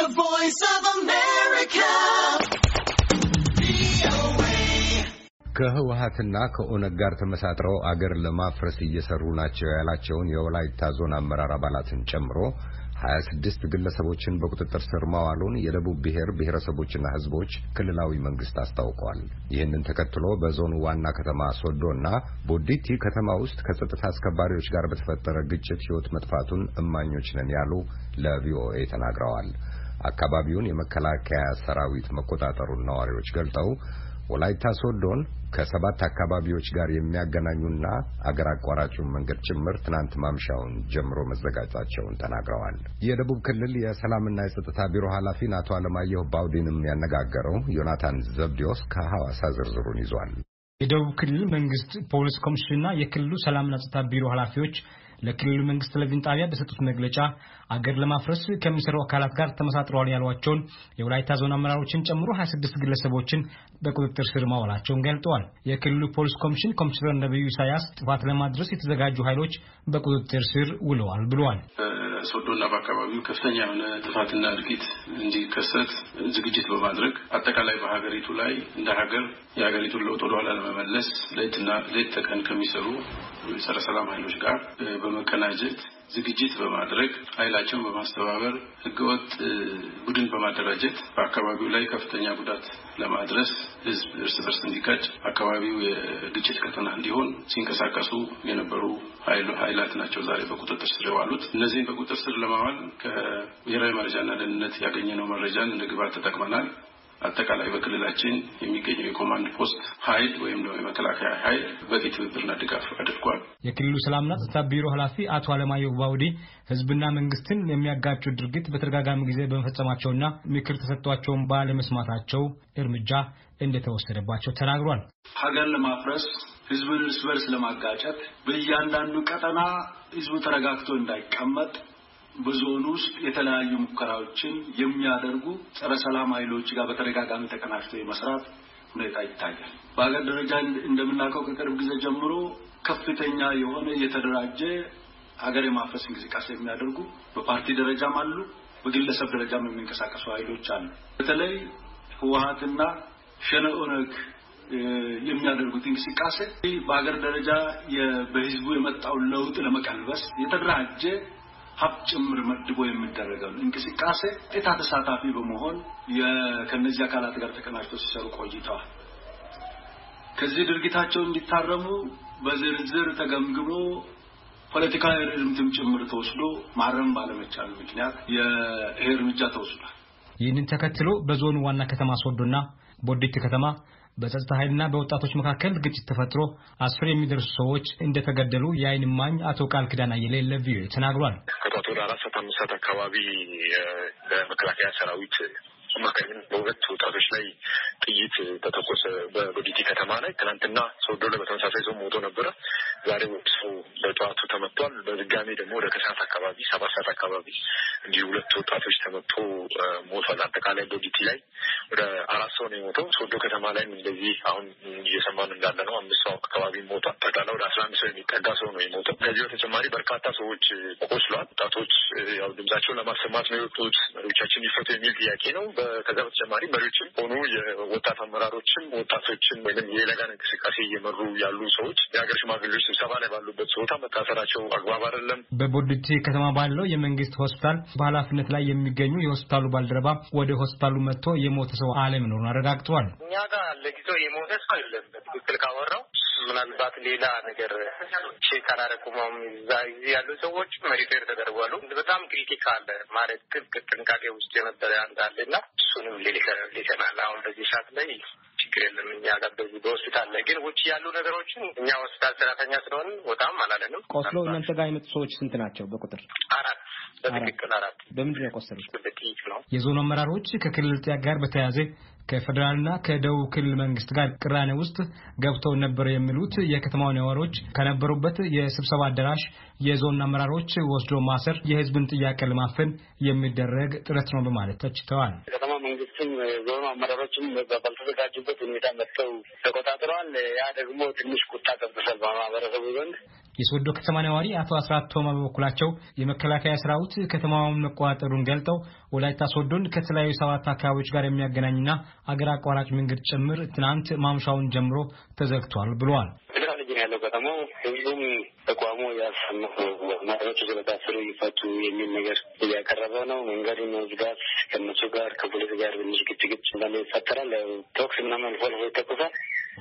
The Voice of America. ከህወሀትና ከኦነግ ጋር ተመሳጥረው አገር ለማፍረስ እየሰሩ ናቸው ያላቸውን የወላይታ ዞን አመራር አባላትን ጨምሮ 26 ግለሰቦችን በቁጥጥር ስር ማዋሉን የደቡብ ብሔር ብሔረሰቦችና ሕዝቦች ክልላዊ መንግስት አስታውቋል። ይህንን ተከትሎ በዞኑ ዋና ከተማ ሶዶና ቦዲቲ ከተማ ውስጥ ከጸጥታ አስከባሪዎች ጋር በተፈጠረ ግጭት ህይወት መጥፋቱን እማኞች ነን ያሉ ለቪኦኤ ተናግረዋል። አካባቢውን የመከላከያ ሰራዊት መቆጣጠሩን ነዋሪዎች ገልጠው ወላይታ ሶዶን ከሰባት አካባቢዎች ጋር የሚያገናኙና አገር አቋራጩን መንገድ ጭምር ትናንት ማምሻውን ጀምሮ መዘጋጃቸውን ተናግረዋል። የደቡብ ክልል የሰላምና የጸጥታ ቢሮ ኃላፊን አቶ አለማየሁ ባውዲንም ያነጋገረው ዮናታን ዘብዲዮስ ከሐዋሳ ዝርዝሩን ይዟል። የደቡብ ክልል መንግስት ፖሊስ ኮሚሽንና የክልሉ ሰላምና ጸጥታ ቢሮ ኃላፊዎች ለክልሉ መንግስት ቴሌቪዥን ጣቢያ በሰጡት መግለጫ አገር ለማፍረስ ከሚሰሩ አካላት ጋር ተመሳጥረዋል ያሏቸውን የወላይታ ዞን አመራሮችን ጨምሮ 26 ግለሰቦችን በቁጥጥር ስር ማዋላቸውን ገልጠዋል። የክልሉ ፖሊስ ኮሚሽን ኮሚሽነር ነቢዩ ኢሳያስ ጥፋት ለማድረስ የተዘጋጁ ኃይሎች በቁጥጥር ስር ውለዋል ብለዋል። ሶዶና በአካባቢው ከፍተኛ የሆነ ጥፋትና እልቂት እንዲከሰት ዝግጅት በማድረግ አጠቃላይ በሀገሪቱ ላይ እንደ ሀገር የሀገሪቱን ለውጥ ወደኋላ ለመመለስ ሌትና ሌት ተቀን ከሚሰሩ የጸረ ሰላም ኃይሎች ጋር በመቀናጀት ዝግጅት በማድረግ ኃይላቸውን በማስተባበር ህገወጥ ቡድን በማደራጀት በአካባቢው ላይ ከፍተኛ ጉዳት ለማድረስ ህዝብ እርስ በርስ እንዲጋጭ አካባቢው የግጭት ቀጠና እንዲሆን ሲንቀሳቀሱ የነበሩ ኃይላት ናቸው ዛሬ በቁጥጥር ስር የዋሉት። እነዚህን በቁጥጥር ስር ለማዋል ከብሔራዊ መረጃና ደህንነት ያገኘነው መረጃን እንደ ግብዓት ተጠቅመናል። አጠቃላይ በክልላችን የሚገኘው የኮማንድ ፖስት ኃይል ወይም ደግሞ የመከላከያ ኃይል በቂ ትብብርና ድጋፍ አድርጓል። የክልሉ ሰላምና ጸጥታ ቢሮ ኃላፊ አቶ አለማየሁ ባውዲ ህዝብና መንግስትን የሚያጋጩ ድርጊት በተደጋጋሚ ጊዜ በመፈጸማቸውና ምክር ተሰጥቷቸውን ባለመስማታቸው እርምጃ እንደተወሰደባቸው ተናግሯል። ሀገር ለማፍረስ ህዝብን እርስ በርስ ለማጋጨት በእያንዳንዱ ቀጠና ህዝቡ ተረጋግቶ እንዳይቀመጥ በዞኑ ውስጥ የተለያዩ ሙከራዎችን የሚያደርጉ ጸረ ሰላም ኃይሎች ጋር በተደጋጋሚ ተቀናጅቶ የመስራት ሁኔታ ይታያል። በሀገር ደረጃ እንደምናውቀው ከቅርብ ጊዜ ጀምሮ ከፍተኛ የሆነ የተደራጀ ሀገር የማፈስ እንቅስቃሴ የሚያደርጉ በፓርቲ ደረጃም አሉ፣ በግለሰብ ደረጃም የሚንቀሳቀሱ ኃይሎች አሉ። በተለይ ህወሀትና ሸኔ ኦነግ የሚያደርጉት እንቅስቃሴ በሀገር ደረጃ በህዝቡ የመጣውን ለውጥ ለመቀልበስ የተደራጀ ሀብት ጭምር መድቦ የሚደረገው እንቅስቃሴ ጤታ ተሳታፊ በመሆን ከነዚህ አካላት ጋር ተቀናጅቶ ሲሰሩ ቆይተዋል። ከዚህ ድርጊታቸው እንዲታረሙ በዝርዝር ተገምግሞ ፖለቲካዊ እርምትም ጭምር ተወስዶ ማረም ባለመቻሉ ምክንያት ይሄ እርምጃ ተወስዷል። ይህንን ተከትሎ በዞኑ ዋና ከተማ ሶዶና ቦዲት ከተማ በጸጥታ ኃይልና በወጣቶች መካከል ግጭት ተፈጥሮ አስር የሚደርሱ ሰዎች እንደተገደሉ የአይን አቶ ቃል ክዳና የሌለ ለቪኦኤ ተናግሯል። ከጠዋት ወደ አራት ሰዓት አምስት ሰዓት አካባቢ ለመከላከያ ሰራዊት አማካኝነት በሁለት ወጣቶች ላይ ጥይት ተተኮሰ በዶዲቲ ከተማ ላይ። ትናንትና ሶዶ ላይ በተመሳሳይ ሰው ሞቶ ነበረ። ዛሬ ሰው በጠዋቱ ተመቷል። በድጋሜ ደግሞ ወደ ከሰዓት አካባቢ ሰባት ሰዓት አካባቢ እንዲሁ ሁለት ወጣቶች ተመቶ ሞቷል። አጠቃላይ በዲቲ ላይ ወደ አራት ሰው ነው የሞተው። ሶዶ ከተማ ላይም እንደዚህ አሁን እየሰማን እንዳለ ነው አምስት ሰው አካባቢ ሞቷል። ጠቃላ ወደ አስራ አንድ ሰው የሚጠጋ ሰው ነው የሞተው። ከዚህ በተጨማሪ በርካታ ሰዎች ቆስሏል። ወጣቶች ያው ድምጻቸውን ለማሰማት ነው የወጡት። መሪዎቻችን ይፈቱ የሚል ጥያቄ ነው። ከዛ በተጨማሪ መሪዎችም ሆኑ የወጣት አመራሮችም ወጣቶችን ወይም የለጋን እንቅስቃሴ እየመሩ ያሉ ሰዎች የሀገር ሽማግሌዎች ስብሰባ ላይ ባሉበት ሰታ መታሰራቸው አግባብ አይደለም። በቦዲቲ ከተማ ባለው የመንግስት ሆስፒታል በኃላፊነት ላይ የሚገኙ የሆስፒታሉ ባልደረባ ወደ ሆስፒታሉ መጥቶ የሞተ ሰው አለመኖሩን አረጋግጠዋል። እኛ ጋር ለጊዜው የሞተ ሰው የለም። በትክክል ካወራው ምናልባት ሌላ ነገር ቼክ አላረቁመውም። እዛ ጊዜ ያሉ ሰዎች ሪፌር ተደርጓሉ። በጣም አለ ማለት ግን ጥንቃቄ ውስጥ የነበረ አንድ አለና እሱንም ሌሊተናል። አሁን በዚህ ሰዓት ላይ ችግር የለም። እኛ ጋር በዚህ በሆስፒታል ላይ ግን ውጭ ያሉ ነገሮችን እኛ ሆስፒታል ሰራተኛ ስለሆን ወጣም አላለንም። ቆስሎ እናንተ ጋር የመጡ ሰዎች ስንት ናቸው በቁጥር? አራት በትክክል አራት በምንድን ነው የቆሰሉት? የዞኑ አመራሮች ከክልል ጥያቄ ጋር በተያያዘ ከፌዴራልና ከደቡብ ክልል መንግስት ጋር ቅራኔ ውስጥ ገብተው ነበር የሚሉት የከተማው ነዋሪዎች ከነበሩበት የስብሰባ አዳራሽ የዞን አመራሮች ወስዶ ማሰር የህዝብን ጥያቄ ለማፈን የሚደረግ ጥረት ነው በማለት ተችተዋል። ከተማ መንግስትም ዞኑ አመራሮችም ባልተዘጋጁበት ሁኔታ መጥተው ተቆጣጥረዋል። ያ ደግሞ ትንሽ ቁጣ ቀብሷል በማህበረሰቡ ዘንድ የሶዶ ከተማ ነዋሪ አቶ አስራት ቶማ በበኩላቸው የመከላከያ ሰራዊት ከተማውን መቆጣጠሩን ገልጠው ወላይታ ሶዶን ከተለያዩ ሰባት አካባቢዎች ጋር የሚያገናኝና አገር አቋራጭ መንገድ ጭምር ትናንት ማምሻውን ጀምሮ ተዘግቷል ብለዋል። ያለው ከተማው ህዝቡም ተቋሙ ያሰማ ማሪዎቹ ስለታሰሩ ይፈቱ የሚል ነገር እያቀረበ ነው። መንገድ መዝጋት ከነሱ ጋር ከፖሊስ ጋር ትንሽ ግጭግጭ እንዳለ ይፈጠራል። ተኩስ ምናምን ፈልፎ ይተኩሳል።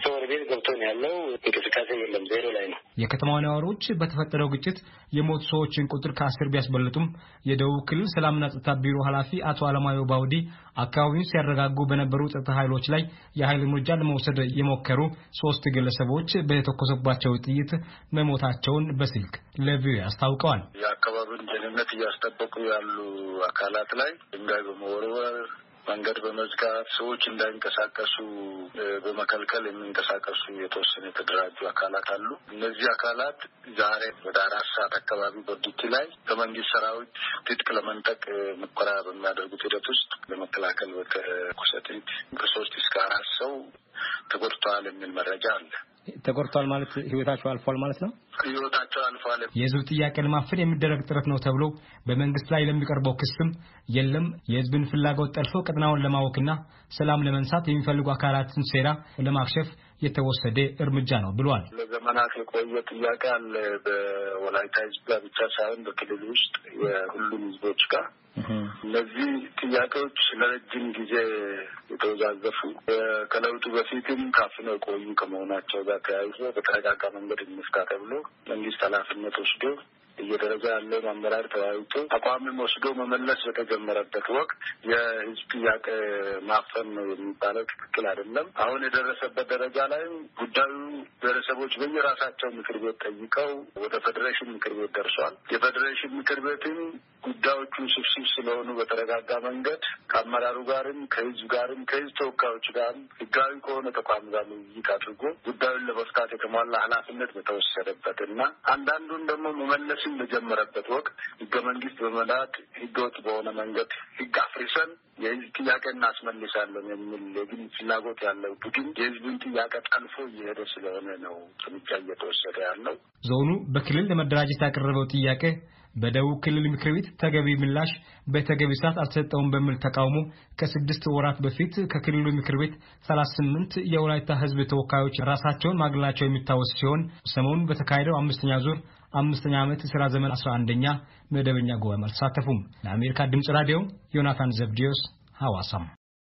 ሰው ወደ ቤት ገብቶ ነው ያለው። እንቅስቃሴ የለም፣ ዜሮ ላይ ነው። የከተማ ነዋሪዎች በተፈጠረው ግጭት የሞቱ ሰዎችን ቁጥር ከአስር ቢያስበልጡም የደቡብ ክልል ሰላምና ጸጥታ ቢሮ ኃላፊ አቶ አለማዮ ባውዲ አካባቢውን ሲያረጋጉ በነበሩ ጸጥታ ኃይሎች ላይ የኃይል እርምጃ ለመውሰድ የሞከሩ ሶስት ግለሰቦች በተኮሰባቸው ጥይት መሞታቸውን በስልክ ለቪኦኤ አስታውቀዋል። የአካባቢውን ደህንነት እያስጠበቁ ያሉ አካላት ላይ ድንጋይ በመወርወር መንገድ በመዝጋት ሰዎች እንዳይንቀሳቀሱ በመከልከል የሚንቀሳቀሱ የተወሰነ የተደራጁ አካላት አሉ። እነዚህ አካላት ዛሬ ወደ አራት ሰዓት አካባቢ በዱቲ ላይ ከመንግስት ሰራዊት ትጥቅ ለመንጠቅ ሙከራ በሚያደርጉት ሂደት ውስጥ ለመከላከል በተኮሰ ጥይት ከሶስት እስከ አራት ሰው ተጎድተዋል የሚል መረጃ አለ። ተቆርቷል ማለት ህይወታቸው አልፏል ማለት ነው። ህይወታቸው አልፏል። የህዝብ ጥያቄ ለማፈን የሚደረግ ጥረት ነው ተብሎ በመንግስት ላይ ለሚቀርበው ክስም የለም የህዝብን ፍላጎት ጠልፎ ቀጠናውን ለማወክና ሰላም ለመንሳት የሚፈልጉ አካላትን ሴራ ለማክሸፍ የተወሰደ እርምጃ ነው ብሏል። ለዘመናት የቆየ ጥያቄ አለ። በወላይታ ህዝብ ጋር ብቻ ሳይሆን በክልል ውስጥ የሁሉም ህዝቦች ጋር እነዚህ ጥያቄዎች ለረጅም ጊዜ የተወዛዘፉ ከለውጡ በፊትም ካፍነው የቆዩ ከመሆናቸው ጋር ተያይዞ በተረጋጋ መንገድ እንፍታ ተብሎ መንግስት ኃላፊነት ወስዶ እየደረገ ያለውን አመራር ተወያይቶ አቋምም ወስዶ መመለስ በተጀመረበት ወቅት የህዝብ ጥያቄ ማፈን ነው የሚባለው ትክክል አይደለም። አሁን የደረሰበት ደረጃ ላይ ጉዳዩ ብሔረሰቦች በየራሳቸው ምክር ቤት ጠይቀው ወደ ፌዴሬሽን ምክር ቤት ደርሷል። የፌዴሬሽን ምክር ቤትም ጉዳዮቹ ስብስብ ስለሆኑ በተረጋጋ መንገድ ከአመራሩ ጋርም ከህዝብ ጋርም ከህዝብ ተወካዮች ጋርም ህጋዊ ከሆነ ተቋም ጋር ውይይት አድርጎ ጉዳዩን ለመፍታት የተሟላ ኃላፊነት በተወሰደበት እና አንዳንዱን ደግሞ መመለስ ስራችን በጀመረበት ወቅት ህገ መንግስት በመላክ ህገወጥ በሆነ መንገድ ህግ አፍርሰን የህዝብ ጥያቄ እናስመልሳለን የሚል የግል ፍላጎት ያለው ቡድን የህዝቡን ጥያቄ ጠልፎ እየሄደ ስለሆነ ነው እርምጃ እየተወሰደ ያለው። ዞኑ በክልል ለመደራጀት ያቀረበው ጥያቄ በደቡብ ክልል ምክር ቤት ተገቢ ምላሽ በተገቢ ሰዓት አልተሰጠውም በሚል ተቃውሞ ከስድስት ወራት በፊት ከክልሉ ምክር ቤት 38 ስምንት የወላይታ ህዝብ ተወካዮች ራሳቸውን ማግለላቸው የሚታወስ ሲሆን ሰሞኑን በተካሄደው አምስተኛ ዙር አምስተኛ ዓመት የሥራ ዘመን 11 መደበኛ ጉባኤም አልተሳተፉም። ለአሜሪካ ድምፅ ራዲዮ ዮናታን ዘብዲዮስ ሐዋሳም